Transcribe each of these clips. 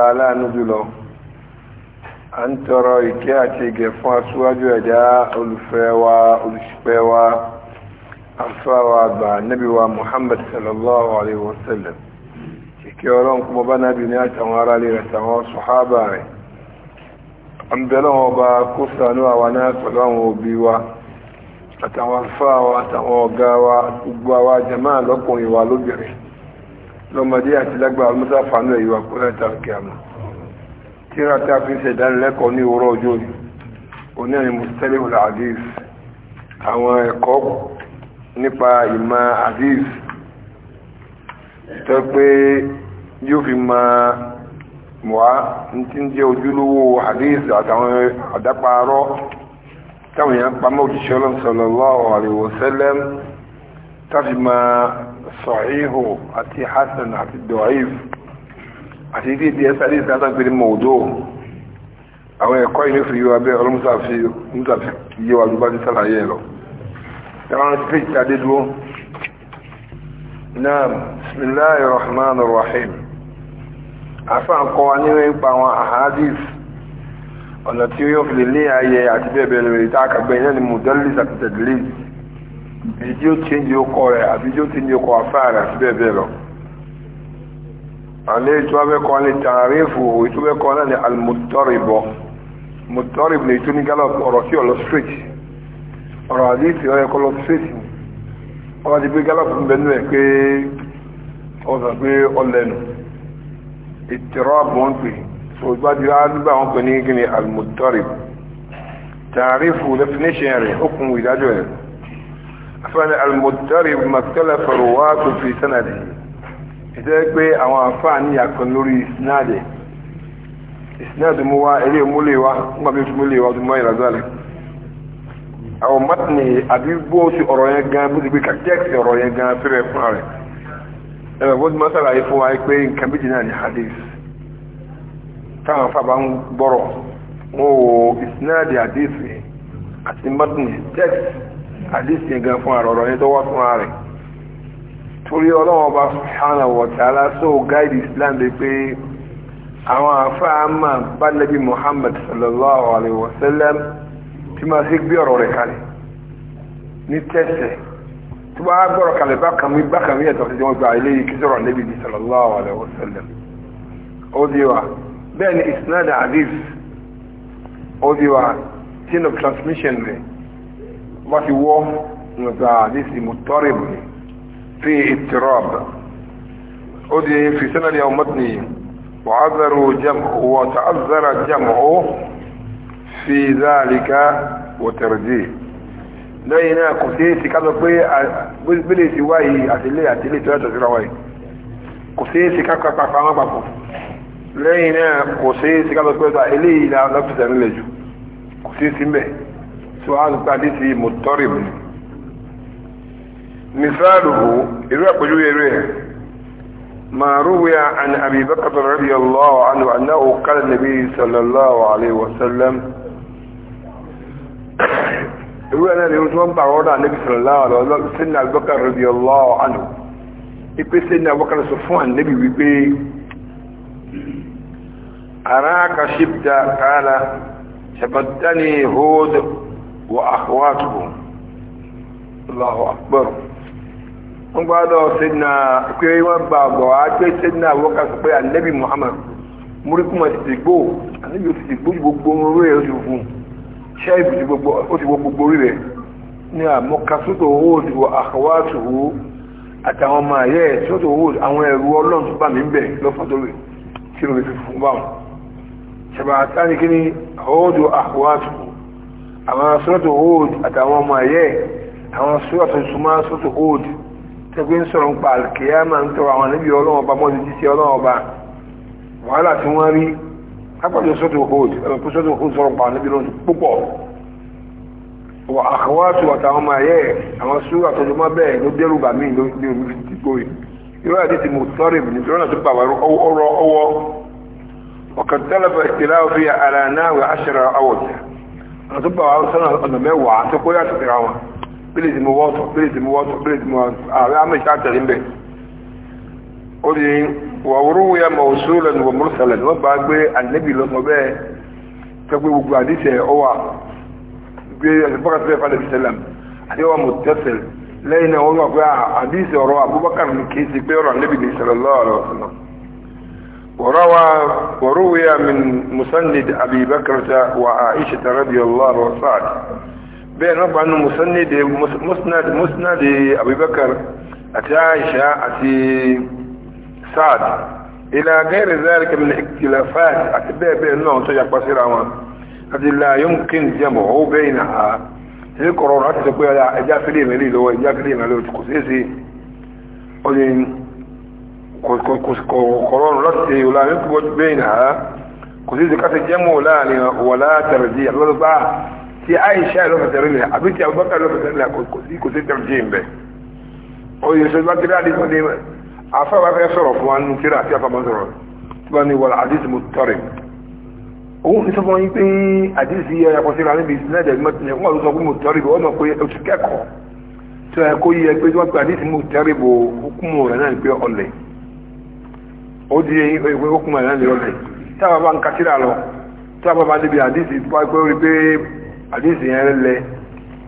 aláàánú jùlọ a ń tọrọ ìkẹ́ àti ìgẹ̀ fún aṣíwájú ẹ̀dá olùfẹ́ wa olùṣìpẹ̀ wa afáwa àgbà nábì wa Muhammad sallallahu alaihi wasallam ìkẹ́ ọlọ́run kúmọ bá nábì ní àtàwọn ará lè àtàwọn sọ̀hábà rẹ̀ àmbẹ̀lọ́wọ́ ọba kó sànú àwa náà pẹ̀lú àwọn òbí wa àtàwọn afáwa àtàwọn ọ̀gá wa gbogbo àwa jàmáà lọ́kùnrin wa lóbìnrin lọ́mọdé àti lágbà almusa fanu ẹ̀yọ́ akúrẹ́ tàbí àmà tíra tí a fi ṣẹ̀dánilẹ́kọ̀ọ́ ní òwúrọ̀ ọjọ́ yìí oní ẹni mustalihu al-hadith àwọn ẹ̀kọ́ nípa ìmọ̀ hadith tó pé yóò fi ma mọ̀á tí ń jẹ́ ojúlówó hadith àtàwọn àdápaarọ́ táwọn èèyàn pamọ́ òjíṣẹ́ sallallahu alaihi wasallam táfi máa sọ̀híhù àti hasan àti dọ̀híf àti ìdí ìdí ẹsẹ̀ àti ìsìn àtàgbèrè mọ̀ọ́dọ́ àwọn ẹ̀kọ́ yìí ló fi yíwa bẹ́ẹ̀ ọlọ́mùsàfi yíwa ló bá ti sàlàyé ẹ̀ lọ. dáwọn page tàdé dúró náà bismillahir rahmanir rahim àfáà kọ́ wa nínú ipa àwọn ahadis ọ̀nà tí ó yọ fi lè ní ayẹ àti bẹ́ẹ̀ bẹ́ẹ̀ lórí tá a kàgbẹ́ yẹn ni mudallis àti tadlis èyí tí ó change ọkọ rẹ̀ àbí tí ó change ọkọ afá rẹ̀ àti bẹ́ẹ̀ bẹ́ẹ̀ lọ àlẹ́ ètò abẹ́kọ́ ní tààrífù ètò abẹ́kọ́ náà ní almutaribọ mutarib ní ètò ní gallop ọ̀rọ̀ sí ọ̀lọ́ straight ọ̀rọ̀ àdéhìtì ọ̀rọ̀ ẹ̀kọ́ lọ straight ọ̀rọ̀ àti pé gallop ń bẹnu ẹ̀ pé ọ̀sán pé ọ̀lẹ́nu ìtẹ̀rọ̀ àbọ̀ ń pè so ìgbàdí àdúgbà wọn pè ní gíní almutarib tààrífù definition rẹ̀ ó kún ìdájọ́ rẹ̀ afẹ́ni almutarib mọ̀tẹ́lẹ̀ fẹ̀rọ wá tó fi sẹ́nàdì ìtẹ́ pé àwọn afáà ní àkan lórí ìsinádì ìsinádì mú wá eré múlé wá nígbà bí ó múlé wá tó mọ́ ìrànzálẹ̀ àwọn mọ́tìnì àbí bó ti ọ̀rọ̀ yẹn gan bó ti gbé kàjẹ́kì ọ̀rọ̀ yẹn gan fẹ́rẹ̀ fún rẹ̀ ẹ̀rọ bó ti mọ́ sàlàyé fún wa pé nǹkan méjì náà ní hadith táwọn afá bá ń gbọ́rọ̀ wọn ò ìsinádì hadith àti mọ́tìnì text àdísì gan fún àrọ̀rọ̀ ní tó wá fún ààrẹ torí ọlọ́wọ́ bá subhanahu wa ta'ala so guide islam dé pé àwọn àfáàmà bá nabi muhammad sallallahu alaihi wasallam tí máa sí gbé ọ̀rọ̀ rẹ̀ kalẹ̀ ní tẹ́sẹ̀ tí wọ́n á gbọ́rọ̀ kalẹ̀ bákan mi bákan mi ẹ̀tọ́ sí wọn gba ilé yìí kí sọ̀rọ̀ nabi sallallahu alaihi wasallam ó di wa bẹ́ẹ̀ ni isnad hadith ó di wa chain of transmission rẹ̀ bá ti wọ́ nígbà àdísì mùtọ́rìbù ni fi ìtìrọ́b ó di fi sẹ́nàdì àwọn mọ́tìní wàázàrò jam'u wàtàázàrà jam'u fi záàlìká wàtàrjì lẹ́yìn náà kò sí èsì kásọ pé gbélé sí wáyé àtìlé àtìlé tó yàtọ̀ síra wáyé kò sí èsì kápá pàpà wọn papọ̀ lẹ́yìn náà kò sí èsì kásọ pé eléyìí lọ́pìtà nílẹ̀ jù kò sí èsì mbẹ̀ tí wọ́n á sọ pé àdísì mọ̀tọ́rìmù misaluhu irú àpèjú eré ẹ̀ ما روي عن أبي بكر رضي الله عنه أنه قال النبي صلى الله عليه وسلم irú ẹ̀nà ni wọ́n bá rọ́dà níbi sallallahu alaihi wasallam sínú Abubakar radiyallahu anhu ipé sínú Abubakar sọ fún àníbi wípé ara ka ṣípta kààlà ṣàbàtà ni وأخواتهم الله أكبر وقالوا سيدنا كي وبابا وعاتي سيدنا وقف بي النبي محمد مريكم تتقبو النبي تتقبو جبو مروري يجبو شايف جبو مروري ní àmọ́kasótò hold wọ àkọwàtòwò àtàwọn ọmọ ayẹ́ sótò hold àwọn ẹ̀rù ọlọ́run tó bá mi ń bẹ̀ lọ́fọ́dọ́rẹ̀ tí ló àwọn sọ́tò old àtàwọn ọmọ ẹ̀yẹ́ àwọn sọ́tò súnmọ́ sọ́tò old tẹ́gbẹ́ ń sọ̀rọ̀ ń pa àlùkìyà máa ń tọrọ àwọn níbi ọlọ́wọ́ bá mọ́jú jíṣẹ́ ọlọ́wọ́ bá wàhálà tí wọ́n rí lápàdé sọ́tò old ẹ̀kú sọ́tò old sọ̀rọ̀ pa níbi lónìí púpọ̀ wà àkọwàtò àtàwọn ọmọ ẹ̀yẹ́ àwọn sọ́tò súnmọ́ bẹ́ẹ̀ ló dẹ́rù bà mí lórí ìdìbò yóò àti ti mùtọ́rìbì àti bàbá sọ́nà ọ̀nà mẹ́wàá tó kó yàtọ̀ síra wọn bílẹ̀ tí mo wọ́tọ̀ bílẹ̀ tí mo wọ́tọ̀ bílẹ̀ tí mo wọ́tọ̀ ààrẹ amẹ́ṣẹ́ àtẹ̀lé ń bẹ̀ ó di wàwúrú ya mọ̀ọ́sọ́lẹ̀ ní wọ́n mọ́sálẹ̀ ní wọ́n bá gbé ànẹ́bì lọ́mọ bẹ́ẹ̀ tẹ́gbẹ́ gbogbo àdìsẹ̀ ọwà gbé àtìbọ́kàtì bẹ́ẹ̀ falẹ̀ sẹ́lẹ̀m àdéhùn mọ̀tẹ́sẹ̀l lẹ́yìn náà wọ́n wà pé àdìsẹ̀ ọ̀rọ̀ Abubakar ní kéésì pé ọ̀rọ̀ ànẹ́bì ní sẹ́lẹ̀ lọ́ọ̀rọ̀ sẹ́lẹ̀m وروى وروي من مسند أبي بكر وعائشة رضي الله عنه صعد بين ربع أنه مسند مسند مسند أبي بكر أتي عائشة أتي سعد إلى غير ذلك من الاختلافات أتبع بأنه سجع قصيرا التي لا يمكن جمعه بينها ذكر تقول يا جافلين لي لو جافلين لو تقصيسي قلين قرار رد ولا يفوت بينها كوزي كاتي جمع ولا ولا ترجيع الله بقى في عائشة لو فترلها أبنتي أبو بكر لو فترلها كوزي كوزي ترجيم به أو يسوي بقى ترى لي فدي عفا وعفا يصرف وأن ترى عفا ما صرف تباني والحديث مضطرب òun ní sọ́kọ́ yín pé àdísí ẹ̀yà kọsíra níbi ìsinẹ́dẹ̀ mẹ́tìlẹ̀ wọ́n lọ́sọ fún mọ̀tẹ́rìbò ọ̀nà pé oṣù kẹ́kọ̀ọ́ tí ó yẹ kó yẹ pé tí wọ́n pe àdísí mọ̀tẹ́rìbò hukumu rẹ̀ náà pé ọ̀lẹ̀ ó di eyín ìwé okùn ẹ̀rẹ́ ní ọ̀sẹ̀ tí a bá ń kásírà lọ tí a bá bá débi àdísì tó wáyé pé ó rí pé àdísì yẹn lẹ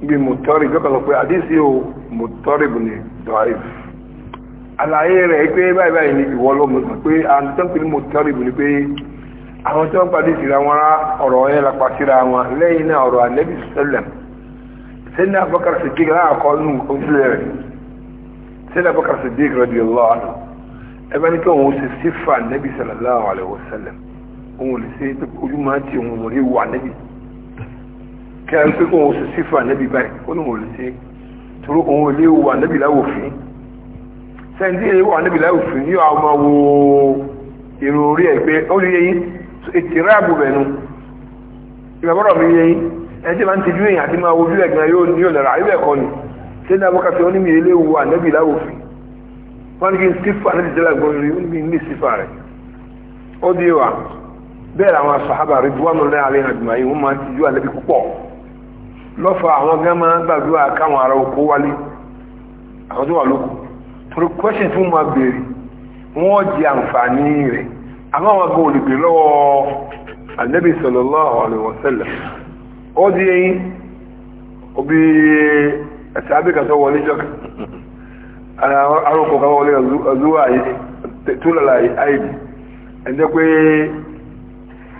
níbi mùtọ́rì tó kọ̀ọ̀lọ́ pé àdísì ò ni ìwọ ló mọ̀ pé àwọn tó ń pè ní mùtọ́rì bù ní pé àwọn tó ń na ẹgbẹ́ ní kí òun ṣe sífà nẹ́bí sallallahu alaihi wasallam òun lè ṣe ojú máa ti òun rí wà nẹ́bí kí a pé kí òun ṣe sífà nẹ́bí báyìí ó ní òun lè ṣe torí òun lè wà nẹ́bí láwòfin sẹ́ńtì yẹn wà nẹ́bí láwòfin yóò àwọn máa wo èrò orí ẹ̀ pé ó lè yẹ yín ètìrá nu ìgbàgbọ́dọ̀ mi yẹ yín máa ń tijú èèyàn àti máa wojú ẹ̀gbọ́n yóò lẹ́ra ayébẹ̀kọ ni ṣé ní abọ́kàtì ó ní mi ilé wo ànẹ́bí láwòfin wọ́n kí n sífà ní ìjọba ìgbọ́n rí ní ní sífà rẹ̀ ó di wa bẹ́ẹ̀ àwọn sàhábà rí buwọ́n lọ́lẹ́ àlẹ́ àjùmáyé wọ́n máa ti ju àlẹ́bí púpọ̀ lọ́fọ̀ àwọn gan máa gbàdúrà káwọn ará oko wálé àwọn tó wà lóko torí kwẹ́sìn tí wọ́n máa béèrè wọ́n di àǹfààní rẹ̀ àmọ́ àwọn gan olùgbé lọ́wọ́ àlẹ́bí sallallahu alaihi wasallam ó di eyín òbí ẹ̀sẹ̀ abẹ́kàtọ́ wọlé jọ́kàn arókò kan wọlé ọzúwà túlọ̀lá àìdì ẹjẹ́ pé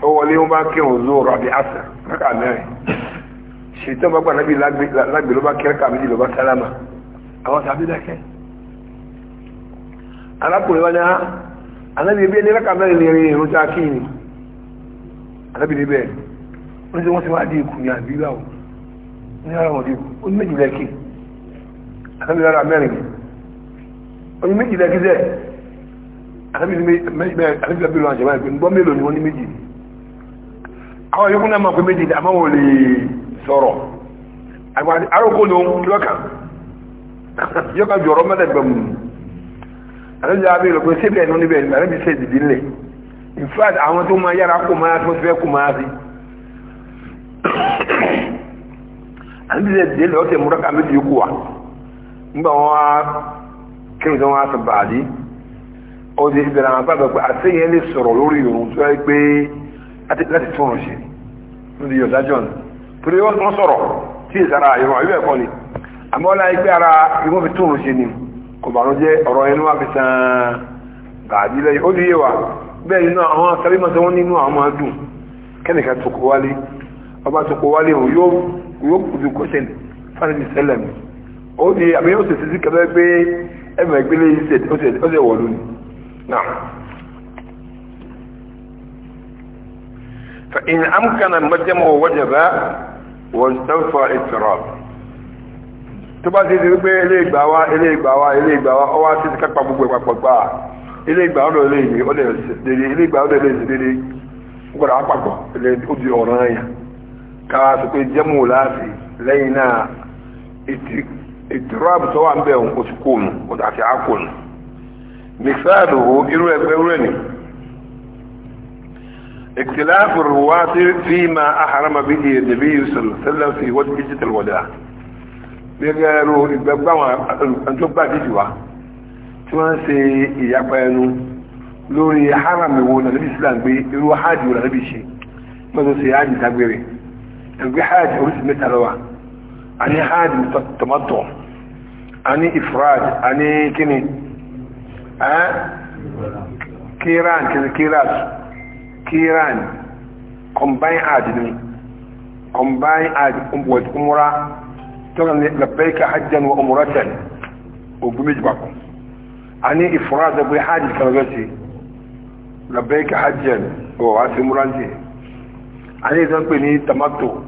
ó wọlé wọ́n bá kí òun zóòrò asa àṣà rákà mẹ́rin ṣètò bá gbànábì lágbè ló bá kí rákà méjì ló bá sálámà àwọn sàbí dákẹ́ arákùnrin wá ní á anábì ebí ẹni rákà mẹ́rin ní ìrìn ìrúta kí ni anábì níbẹ̀ ti wọ́n ti wá dé ikú ní àbí báwo ní ara wọn dé ikú ó ní méjì lẹ́kì anábì lára mẹ́rin ó ní méjì lẹ́gídẹ́ àtàbílẹ̀ àjẹ́wà ìgbẹ́ mélòó ni wọ́n ní méjì àwọn yóò náà máa pé méjì àmọ́ wọ́n lè sọ̀rọ̀ àrókò ní ohun lọ́kà yóò ká jọ̀rọ̀ mẹ́lẹ̀gbẹ̀mù àtàbílẹ̀ àbílẹ̀ pé sébẹ̀ ẹ̀nà níbẹ̀ àrẹ́bí sẹ́ ìdìdí ńlẹ̀ in fact àwọn méjì kó wa nígbà wọn kí nǹkan wá sọ bàdí ó di ìbẹ̀rẹ̀ àwọn àgbàgbà pé àtẹ̀yìn lè sọ̀rọ̀ lórí òun tó yẹ pé láti tún un ṣe lórí yọ̀dá john torí wọ́n sọ̀rọ̀ tí ìsara àyọ̀rọ̀ ìwé ẹ̀kọ́ ni àmọ́ ọlá ẹgbẹ́ ara ìwọ́n fi tún un ṣe ni kò bàánú jẹ́ ọ̀rọ̀ ẹnu wá fi san bàdí lẹ́yìn ó di yé wa bẹ́ẹ̀ nínú àwọn akẹ́rìmọ̀ tí wọ́n nínú àwọn máa dùn kẹ́nìkan tó kó wálé ọba tó kó wálé òun yóò yóò kùdù kọ́ṣẹ́ fáwọn ìṣẹ̀lẹ̀ mi ó di àbí yóò ṣèṣ ẹ̀mọ̀ ìpínlẹ̀ yìí ṣe ó ṣe wọ̀lú ni náà فإن أمكن wajaba, وجب واستوفى اضطراب tó bá ti di wípé ilé ìgbà wa ilé ìgbà wa ilé ìgbà wa gbogbo ìpapọ̀ gbà ilé ìgbà ilé ìgbà ìtìrọ́bù tó wà ń bẹ̀ oṣù kóònù àti àkóònù mìsáàdù ó irú ẹgbẹ́ rẹ̀ ni ìtìláàfù rùwá tí fi ma àhàrámà bí i nàbí sọ̀lọ̀sẹ́lẹ̀ fi wọ́n ti jẹ́ tẹ̀lwọ̀dá gẹ́gẹ́ ru ìgbẹ́gbàwọn àjọgbà dídì wa tí wọ́n ń ṣe ìyapa ẹnu lórí haram wo na nabi islam gbé irú hajj wo na nabi ṣe mọ́tò ṣe hajj dágbére ẹgbẹ́ hajj oríṣi mẹ́ta lọ́wọ́ ani hajj tamattu ani ifraj ani kini eh kiran kini kiras kiran combine hajj ni combine hajj wa umra tọ́kan labbaika hajjan wa umratan ogun méjì papọ̀ ani ifraj pé hajj kan gẹ́sì labbaika hajjan wa wá sí ani ìtàn pè ní tamattu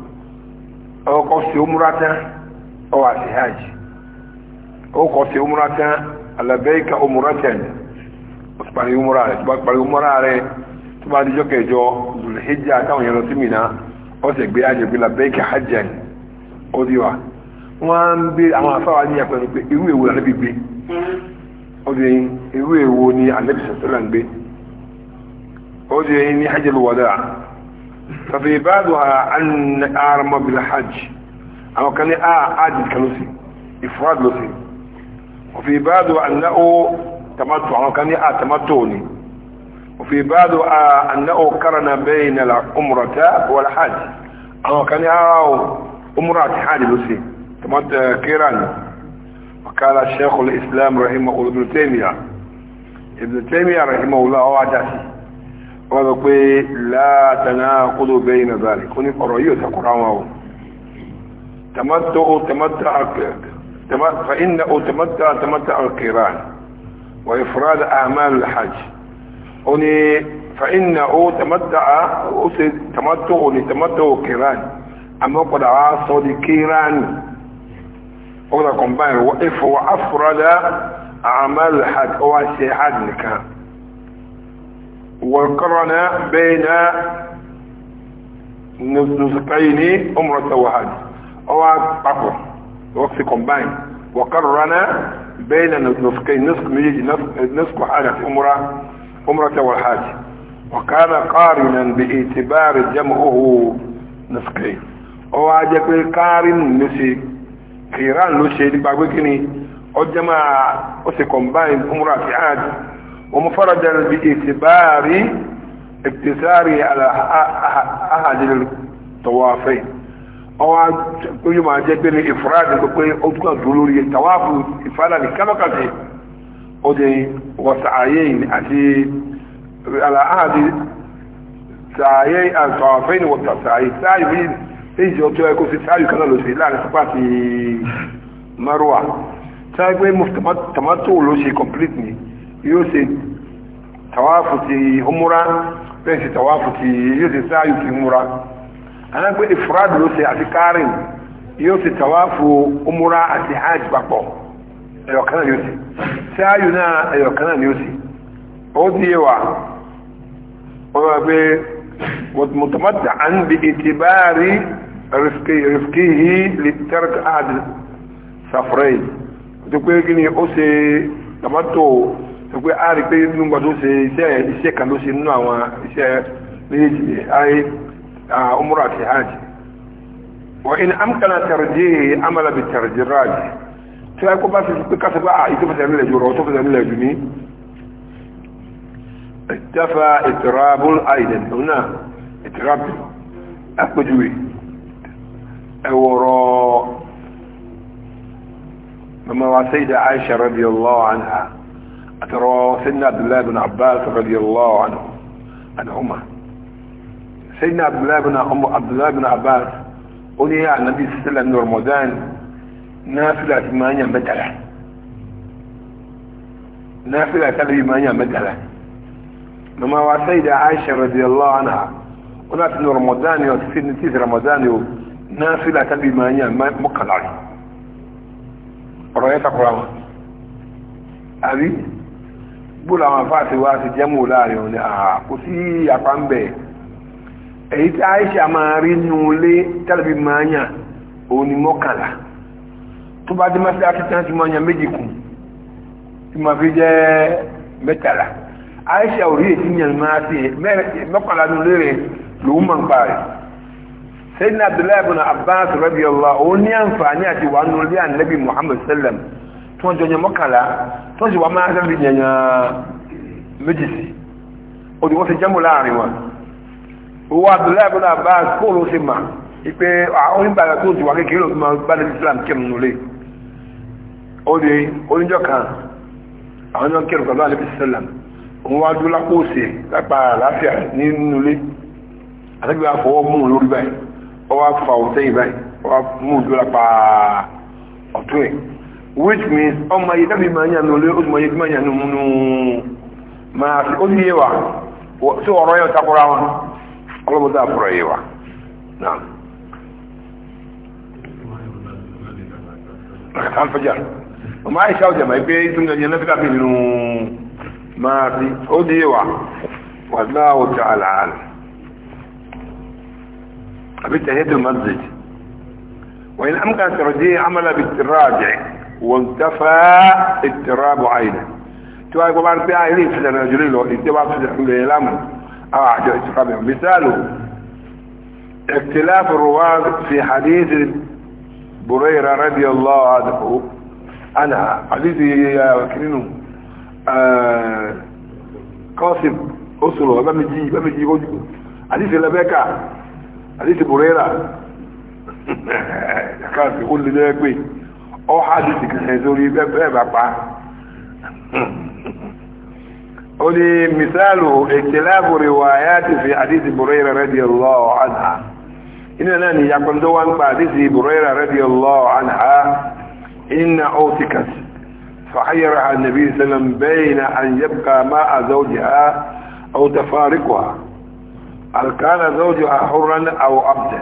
ọkọ̀ sí omúra hajj o sí omúra tán alabẹ́ẹ̀ka omúra tán ó sì parí omúra rẹ̀ tó bá parí omúra rẹ̀ tó bá dijọ́ kẹjọ zulhijja táwọn yẹn lọ sí mìíràn ó sì gbé hajj gbé labẹ́ẹ̀ka hajj ó di wa wọ́n ń gbé àwọn afáwa ní ẹ̀pẹ́ ní pé ni ففي بعضها أن أعرم بالحج أو كان عادل كنسي إفراد لسي وفي بعضها أنه تمتع أو كان تمتعني وفي بعضها أنه قرن بين العمرة والحج أو كان عمرة حاج لسي تمتع كيران وقال الشيخ الإسلام رحمه ابن تيمية ابن تيمية رحمه الله وعدسي wọ́n sọ pé látàná kúrò bẹ́yìn náà zàrí kó ní ọ̀rọ̀ yóò takura wọn o tamatta o tamatta fa inna o tamatta tamatta alkiran wa ifrad ahmal alhajj o ní fa inna o tamatta o ṣe tamatta o ní tamatta o kiran amma padà wá sọ di kiran o da combine wa ifrad ahmal alhajj o wá ṣe hajj nìkan وقرن بين نسقين عمرة واحد او اقفر وقت كومباين وقرن بين نسقين نسق ميجي نسق حاجة عمرة عمرة والحاج وكان قارنا باعتبار جمعه نسقين او اجاك قارن نسي قيران لو شيء باقي كني او جماعة كومباين عمرة في حاج ومفردا باعتبار اقتصاره على أحد الطوافين أو كل ما جبر الإفراد بقي أبقى دلوري التواف إفراد كما قلت أدي وسعيين أتي على أحد سعيين الطوافين والتسعيين سعيين إيجي أتوا يكون في سعي كنا لو سيلا نسباتي مروة سعيين مفتمت تمتو لو سي كومبليتني yóò ṣe tàwáàfù ti umura bẹ́ẹ̀ ṣe tàwáàfù ti yóò ṣe sáàyù ti umura alágbé ìfúrádù ló ṣe àti kárìn yóò ṣe tàwáàfù umura àti hajj papọ̀ ẹ̀yọ̀kan náà yóò ṣe sáàyù náà ẹ̀yọ̀kan náà yóò ṣe ó di yé wa wọ́n máa gbé mọ̀tàmọ́tà à ń bi ìtìbáàrí rìfkìhì lè tẹ́rẹ̀ àdì sàfúrẹ́yì tó pé kí ni ó ṣe tàmátò pé a rí pé nínú gbọdọ̀ ṣe iṣẹ́ iṣẹ́ kan ló ṣe nínú àwọn iṣẹ́ méjì ayé umra àti hajj wà ní amkana tẹ̀rẹ̀dẹ́ amalabi tẹ̀rẹ̀dẹ́ ráàjì tí a kó bá fi pé kásẹ̀ bá àyíkó ah, fẹsẹ̀ nílẹ̀ jù rọ̀ fẹsẹ̀ nílẹ̀ jù ní ìtẹ́fà ìtìrábùl àìdẹ̀ náà àpèjúwe ẹwọ̀rọ̀ mama sayida aisha radiyallahu anha أترى سيدنا عبد الله بن عباس رضي الله عنه عنهما سيدنا عبد الله بن عبد الله بن عباس قل يا النبي صلى الله عليه وسلم رمضان نافلة ثمانية مثلا نافلة ثمانية مثلا لما وسيدة عائشة رضي الله عنها ولكن رمضان وفي نتيجة رمضان نافلة ثمانية مقلعة رأيت قرآن أبي gbóòlù àwọn àfáàsì wa ti jẹ́mù láàrin òní àà kò sí àpá ń bẹ̀ èyí tí Aisha máa rí nínú ilé tẹ́lẹ̀bí máa yàn òun mọ́kànlá tó bá dé máa fi jẹ́ mẹ́tàlá Aisha ò rí èyí yàn máa sí mọ́kànlá nínú ilé rẹ̀ lòun máa ń pa rẹ̀ Sayyidina Abdullahi ibn Muhammad sallam tí wọ́n jọyàn mọ́kànlá tí wọ́n sì wá máa sẹ́fì yẹ̀yàn méjì sí ó ní wọ́n ti jẹ́mù láàrin wọn owó abdullahi abdullahi abbas kó ló ṣe mà ipe àwọn oníbàárà tó ti wà kékeré ló fi máa bá lẹ́nu islam kẹ́mu nulẹ̀ ó ní oníjọ́ kan àwọn ọjọ́ kẹrù pẹ̀lú alẹ́ bisalam òun wá dúró lápò òsè lápá àlàáfíà nínú ilé àtẹ́gbẹ́ wa mú lórí báyìí ọwọ́ fa òun sẹ́yìn báyìí ọwọ́ mú dúró lápá ọ̀tún ẹ̀ which means ọmọ yìí dábì máa yàn lórí ọmọ yìí máa yàn nínú máa fi ó ní yé wa tí ọ̀rọ̀ yẹn takora wọn ọlọ́mọdé àfúrọ̀ yé wa náà. alfajar ọmọ àyíṣà ọjà máa gbé ìtumọ̀ yẹn náà fi káfí nínú máa fi ó ní wa wàláwò tí a làálù àbí tẹ̀yẹ́dùn masjid wọ́n yìí amúkà sọ̀rọ̀ dé amálàbí rájẹ̀ وانتفى اضطراب عينه تواي قبار بي عيني فتنا جليل اضطراب فتنا ليلام او عجل اضطراب مثاله اختلاف الرواة في حديث بريرة رضي الله عنه انا حديث يا كرينو آه قاسم اسره بمجي بمجي وجهه حديث لبكة حديث بريرة كان يقول لي ده كويس ọ hadith kẹsẹ̀ sórí bẹ́ẹ̀ bá pa ó ní misalu ìtìláàbù riwayati fi hadith Burayra radiyallahu anha iná náà ni yakọ̀ndọ́ wá ń pa hadith Burayra radiyallahu anha inna utikat فحيرها النبي صلى الله عليه وسلم بين أن يبقى مع زوجها أو تفارقها هل كان زوجها حرا أو عبدا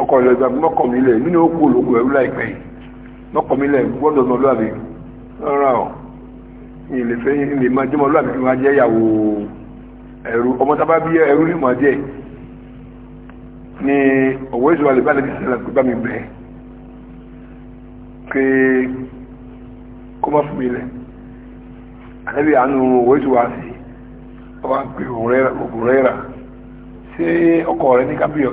ọkọ̀ ìlọ ìgbà mọ́kàn mi lẹ̀ mí ni ó kú olóko ẹ̀rú láìpẹ́ yìí mọ́kàn mi lẹ̀ gbọ́dọ̀ mọ lóàbí rárá o ìyìn lè fẹ́ yín lè máa jẹ́ mọ lóàbí kí jẹ́ ìyàwó ẹ̀rú ọmọ tá bí ẹ̀rú ní mọ̀ díẹ̀ ni ọ̀wọ́ ìṣòro àlè bá lè fi sílẹ̀ pé bá mi bẹ̀ pé kó má fún mi lẹ̀ àlẹ́bí àánú ọ̀wọ́ ìṣòro àti ọba pé òun rà ṣé ọkọ̀ rẹ̀ ní kábíyọ̀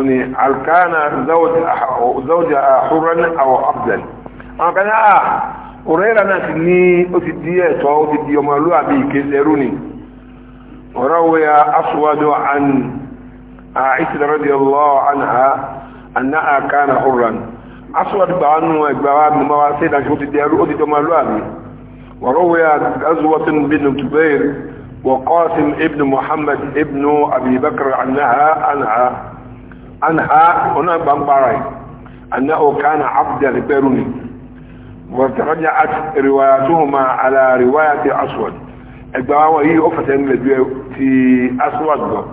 ni alkana zawja ahurran aw afdal an kana a orera na ti ni ó ti di ẹ̀tọ́ ó ti di ọmọ lu abi keseru ni rawa ya aswadu an aisha radiyallahu anha anna kana hurran aswad banu igbawa mi ma wa se da ó ti di ẹrú ó ti di ọmọ lu abi wa ya azwat bin tubair وقاسم ابن محمد ابن ابي بكر عنها عنها عنها هنا بمباري أنه كان عبدا لبيروني وترجعت رواياتهما على رواية أسود الدعوة هي أفتن في أسود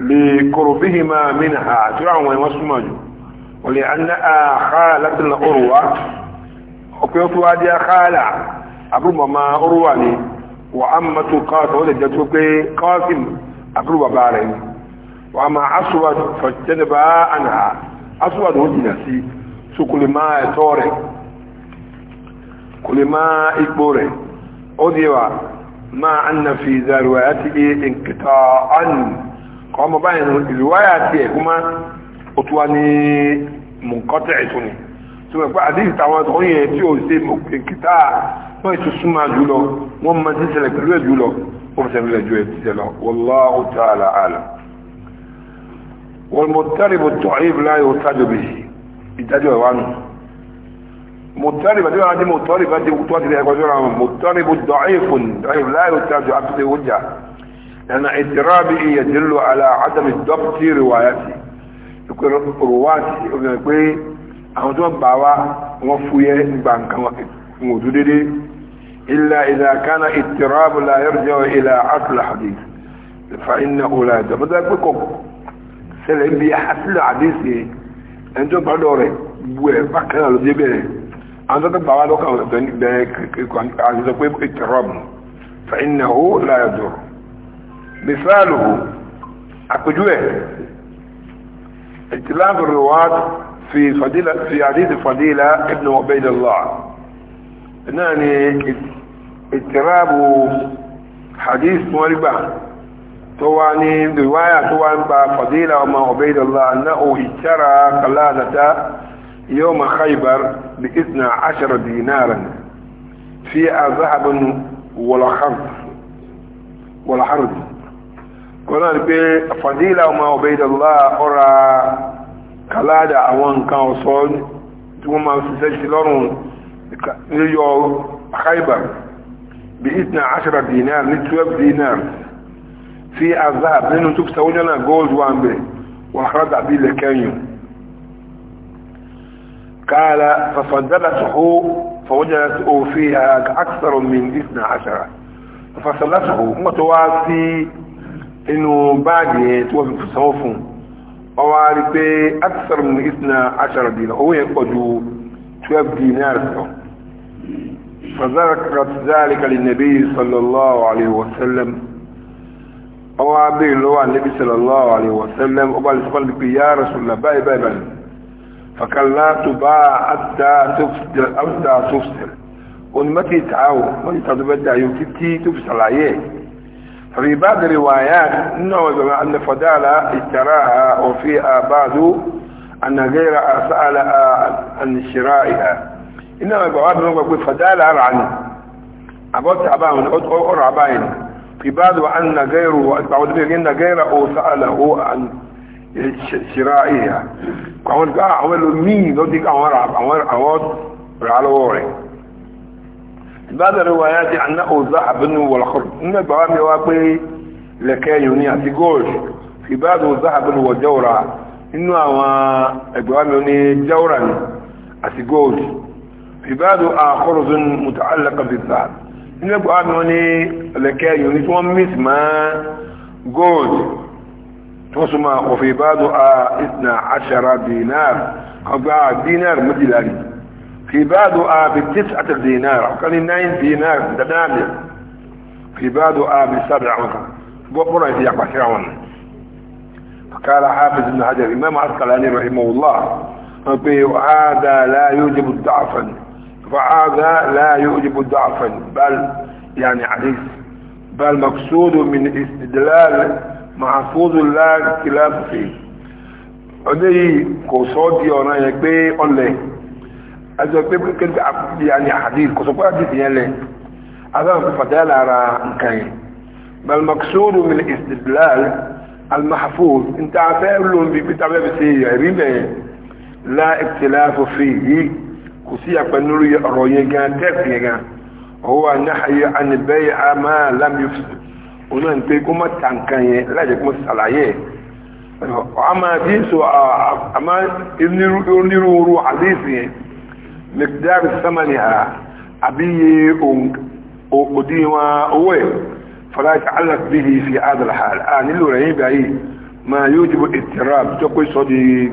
لقربهما منها ترعوا ومسمجوا ولأنها خالة الأروة وكيف هذه خالة أبو ما أرواني وعمة قاسم قاسم أبو بارين وأما أسود فاجتنب عنها أسود وجنا سي سو كل ما يتوري كل ما يكبوري أديوا ما أن في ذا روايته انقطاعا قام بين روايته هما أتواني منقطع سني ثم يقول حديث تعوان تقولي تيو سي انقطاع ما يتسمع جلو وما تسلك الوجه جلو وما تسلك الوجه جلو والله تعالى عالم والمضطرب التعريب لا يحتاج به يحتاج عنه مضطرب دي عندي مضطرب دي وقت اللي يقولوا مضطرب ضعيف ضعيف لا يحتاج عقد وجه لأن اضطرابه يدل على عدم الضبط روايته يقول رواتي يقول pé àwọn tó gbà wá wọ́n fúyẹ́ nígbà nǹkan wọn kò tó dédé إلا إذا كان اضطراب لا يرجع إلى عقل الحديث فإنه لا يدل sẹlẹ̀ bí asílẹ̀ àdéṣe ẹjọ́ gbádọ́ rẹ̀ bu ẹ̀ bákan náà ló dé bẹ̀rẹ̀ àwọn tó gbà wá lọ́kàn bẹ̀rẹ̀ àjọsọ pé ìtẹ̀rọ̀bù fẹ̀yìnàwó láyàjọ misalu àpèjúwe ìtìláàbù reward fi fadila fi àdéṣe fadila ibn ubaydillah náà ni ìtìláàbù hadith wọn تواني رواية توان فضيلة وما عبيد الله أنه اشترى قلادة يوم خيبر بإثنى عشر دينارا فيها ذهب ولا خرد ولا حرد قلنا فضيلة وما عبيد الله أرى قلادة أوان كان وصول ثم سجل لهم خيبر بإثنى عشر دينار ل 12 دينار fi azab nínú tó fìtà oúnjẹ náà gold wà ń bẹ̀ wà hádà bí lẹ́kẹ́yìn kààlà fàfàdàlà tòhó fàwọ́jà tó fi àkàtàrọ̀ mi ìsìnà àṣàrà fàfàdàlà tòhó mọ́ tó wá sí inú báàgì yẹn tó wọ́n fi sanwó fún ọwá rí pé àkàtàrọ̀ mi ìsìnà àṣàrà dìnnà owó yẹn pọ̀ ju 12 dinars lọ فذكرت ذلك للنبي صلى الله عليه وسلم ọwọ́ abẹ́ ìlọ́wọ́ ànábì sallallahu alaihi wasallam ọba alìsọ́pàá lè pe ya rasulullah báyìí báyìí báyìí fàkàlá tó bá àtà tó fìsẹ̀ onímọ̀tì ìtàáwò wọ́n ìtàdó bẹ́ dà الروايات انه أن فضالة اشتراها وفيها بعض أن غير سأل عن شرائها إنما بعض نقول فضالة رعني أبوت أباهم في بعض وأن غيره بعض أن غيره سأله عن شرائها قال قال أول مين لو ديك أمر أمر أمر على وعي بعض الروايات أنه ذهب والخرج إن البوام يواقي لكي ينيع تقولش في بعض ذهب وجورة إنه البوام ينيع جورا أتقولش في بعض آخر متعلقة بالذهب nígbà àmì wọn ní ẹ̀lẹ̀kẹ́ yìí ní tí wọ́n mìs mọ́ gold tó súnmọ́ òfin ìbádọ́ a ìsìnà àṣàrà dinar ọgbà dinar méjìlá rí في بعضها بتسعة دينار وكان 9 دينار دنانير في بعضها بسبعة مثلا بقرا في عشرة فقال حافظ بن حجر الإمام عسقلاني رحمه الله هذا لا يوجب الضعفا فهذا لا يوجب ضعفا بل يعني عديث بل مقصود من استدلال محفوظ لا خلاف فيه ọdẹ́yìí kò sọ di ọ̀nà yẹn pé ọlẹ̀ ẹjọ́ pé kéde àkùdí àní àdìs kò sọ pé àdìs yẹn lẹ̀ adáwọn fàdá lára nǹkan yẹn bal maqsudu min istidlal al mahfuz fẹ́ lóun bí pété abẹ́bí sí ẹ̀rí bẹ́ẹ̀ la ikhtilafu fihi yìí كسي أقنوري رويغان تفيغان هو نحي عن بيع ما لم يفسد ونحن تيكما تنكاية لا يكما سلاية أما ديسو أما إنيرو حديثي مقدار ثمنها أبي أديما أوي فلا يتعلق به في هذا الحال آن اللي رأيه بأي ما يوجب اضطراب تقول صديق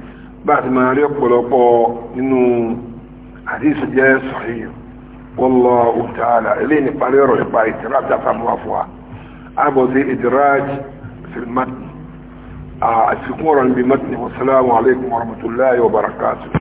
بعد ما ريق ولقوا إنه حديث جاي صحيح والله تعالى إليني قريره يبقى إتراج دفع موافوة أبو ذي إدراج في المتن أتفكورا بمتن والسلام عليكم ورحمة الله وبركاته